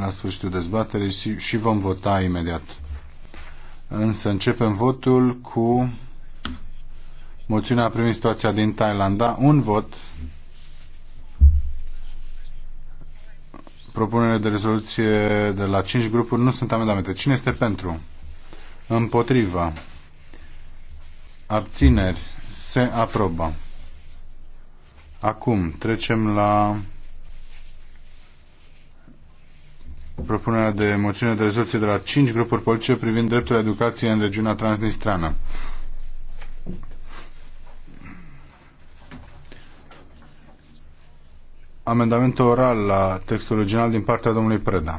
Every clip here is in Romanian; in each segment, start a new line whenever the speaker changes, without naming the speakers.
la sfârșitul dezbaterii și, și vom vota imediat. Însă începem votul cu moțiunea primit situația din Thailanda. Un vot. Propunerea de rezoluție de la 5 grupuri nu sunt amendamente. Cine este pentru? Împotriva. Abțineri. Se aprobă. Acum trecem la propunerea de moțiune de rezoluție de la cinci grupuri politice privind dreptul educației în regiunea transnistrană. Amendament oral la textul original din partea domnului Preda.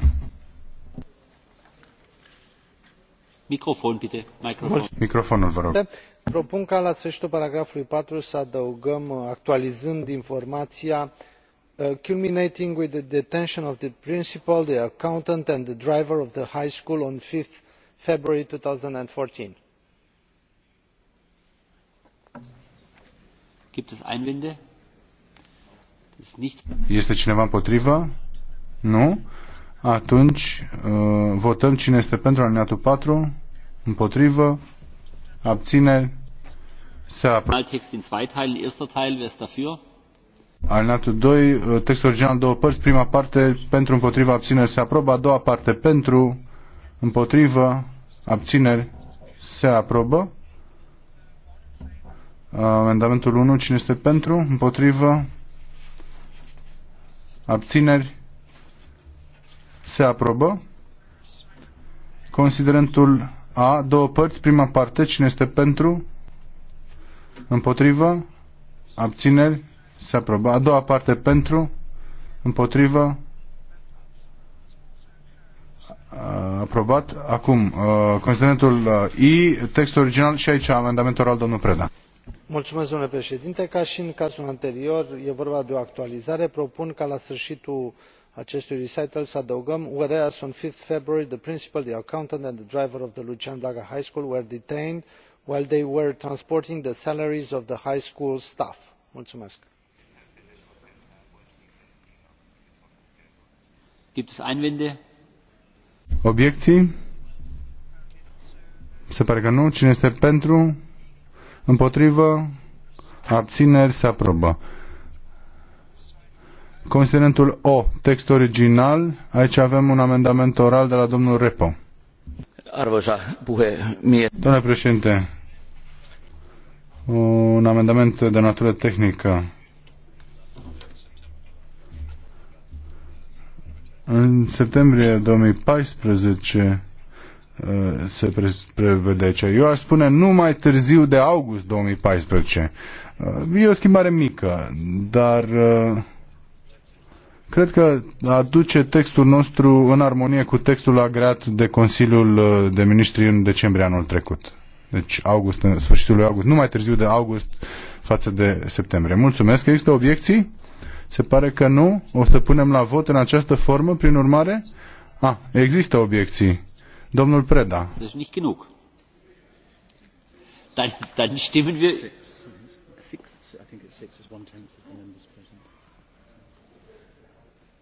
Microfon, Pite. Microfon. Microfonul, vă rog. Da, propun ca la sfârșitul paragrafului 4 să adăugăm actualizând informația Uh, culminating with the detention of the principal the accountant and the driver of the high school on five february. two thousand and fourteen este cineva împotrivă? nu? atunci uh, votăm cine este pentru alineatul 4 împotrivă abțineri se aprobă Alinatul 2, uh, textul original, două părți, prima parte pentru împotriva abțineri se aprobă, a doua parte pentru împotriva abțineri se aprobă. Amendamentul 1, cine este pentru, împotrivă, abțineri, se aprobă. Considerentul A, două părți, prima parte, cine este pentru, împotrivă, abțineri, se aprobă. A doua parte pentru, împotrivă, aprobat. Acum, considerentul I, textul original și aici amendamentul al domnul Preda. Mulțumesc, domnule președinte. Ca și în cazul anterior, e vorba de o actualizare. Propun ca la sfârșitul acestui recital să adăugăm whereas on 5 february the principal the accountant and the driver of the lucian blaga high school were detained while they were transporting the salaries of the high school staff. Mulțumesc. Gibt es Einwände? Obiecții? Se pare că nu. Cine este pentru? Împotrivă? Abțineri? Se aprobă. Considerentul O, text original. Aici avem un amendament oral de la domnul Repo.
Arvoisa mie.
Domnule președinte, un amendament de natură tehnică. În septembrie 2014 uh, se prevede ce. Eu aș spune nu mai târziu de august 2014. Uh, e o schimbare mică, dar uh, cred că aduce textul nostru în armonie cu textul agreat de Consiliul de Ministri în decembrie anul trecut. Deci august, în sfârșitul lui august, nu mai târziu de august față de septembrie. Mulțumesc. Există obiecții? Se pare că nu. O să punem la vot în această formă, prin urmare? A, există obiecții. Domnul Preda. Deci nici genug. Dann, dann stimmen wir.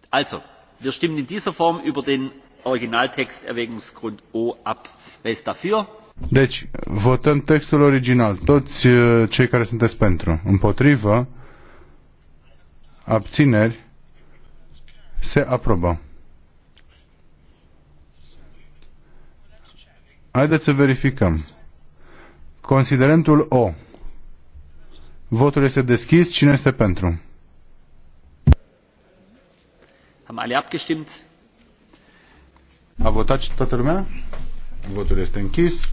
Also, wir stimmen in dieser Form über den Originaltext Erwägungsgrund O ab. Wer ist dafür? Deci, votăm textul original. Toți eh, cei care sunteți pentru. Împotrivă abțineri, se aprobă. Haideți să verificăm. Considerentul O. Votul este deschis. Cine este pentru? Am alle abgestimmt. A votat și toată lumea? Votul este închis.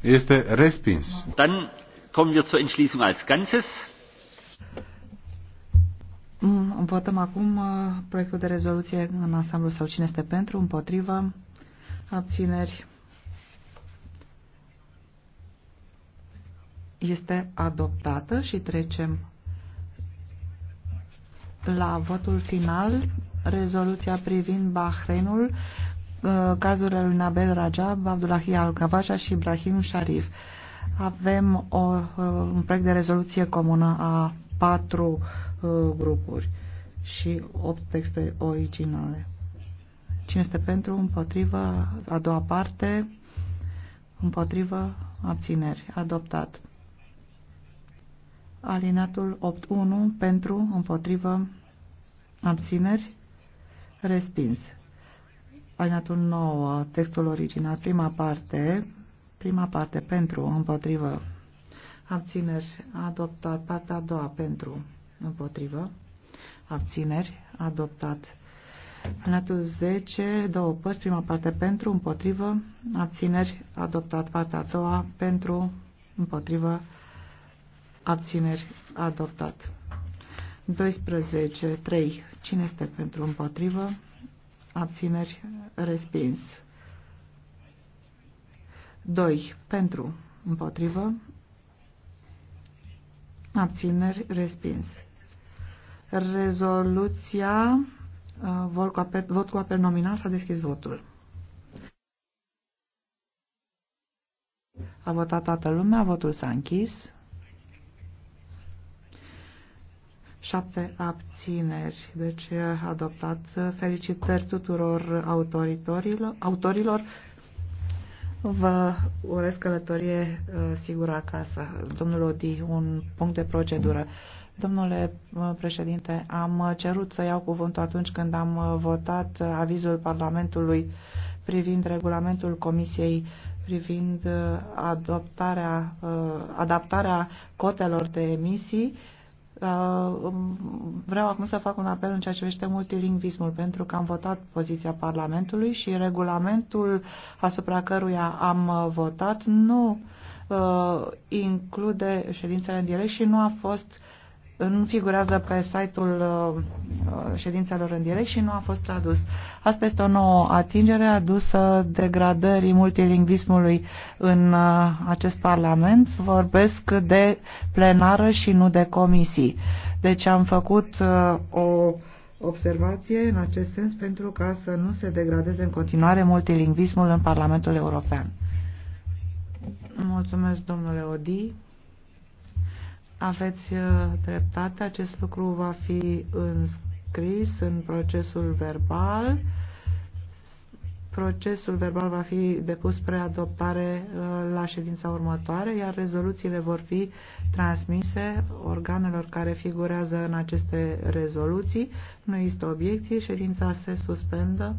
Este respins. Dann kommen wir zur Entschließung als Ganzes.
Votăm acum uh, proiectul de rezoluție în ansamblu sau cine este pentru, împotrivă, abțineri. Este adoptată și trecem la votul final. Rezoluția privind Bahreinul, uh, cazurile lui Nabel Rajab, Abdullahi Al-Gavaja și Ibrahim Sharif. Avem o, uh, un proiect de rezoluție comună a patru uh, grupuri și 8 texte originale. Cine este pentru, împotriva, a doua parte, împotriva, abțineri, adoptat. Alinatul 8.1 pentru, împotrivă, abțineri, respins. Alinatul 9, textul original, prima parte, prima parte pentru, împotrivă, abțineri, adoptat, partea a doua pentru, împotrivă, abțineri, adoptat. Planetul 10, două părți, prima parte pentru, împotrivă, abțineri, adoptat. Partea a doua pentru, împotrivă, abțineri, adoptat. 12, 3, cine este pentru, împotrivă, abțineri, respins. 2, pentru, împotrivă, abțineri, respins. Rezoluția, uh, vot cu apel, vot cu apel nominal, s-a deschis votul. A votat toată lumea, votul s-a închis. Șapte abțineri, deci adoptat. Felicitări tuturor autoritorilor, autorilor. Vă urez călătorie uh, sigură acasă. Domnul Odi, un punct de procedură. Domnule uh, președinte, am uh, cerut să iau cuvântul atunci când am uh, votat avizul Parlamentului privind regulamentul Comisiei privind adoptarea, adaptarea cotelor de emisii um, vreau acum să fac un apel în ceea ce privește multilingvismul, pentru că am votat poziția Parlamentului și regulamentul asupra căruia am votat nu include ședințele în direct și nu a fost uh, nu figurează pe site-ul uh, ședințelor în direct și nu a fost tradus. Asta este o nouă atingere adusă degradării multilingvismului în uh, acest Parlament. Vorbesc de plenară și nu de comisii. Deci am făcut uh, o observație în acest sens pentru ca să nu se degradeze în continuare multilingvismul în Parlamentul European. Mulțumesc, domnule Odi. Aveți uh, dreptate, acest lucru va fi înscris în procesul verbal. Procesul verbal va fi depus adoptare uh, la ședința următoare, iar rezoluțiile vor fi transmise organelor care figurează în aceste rezoluții. Nu există obiecții, ședința se suspendă.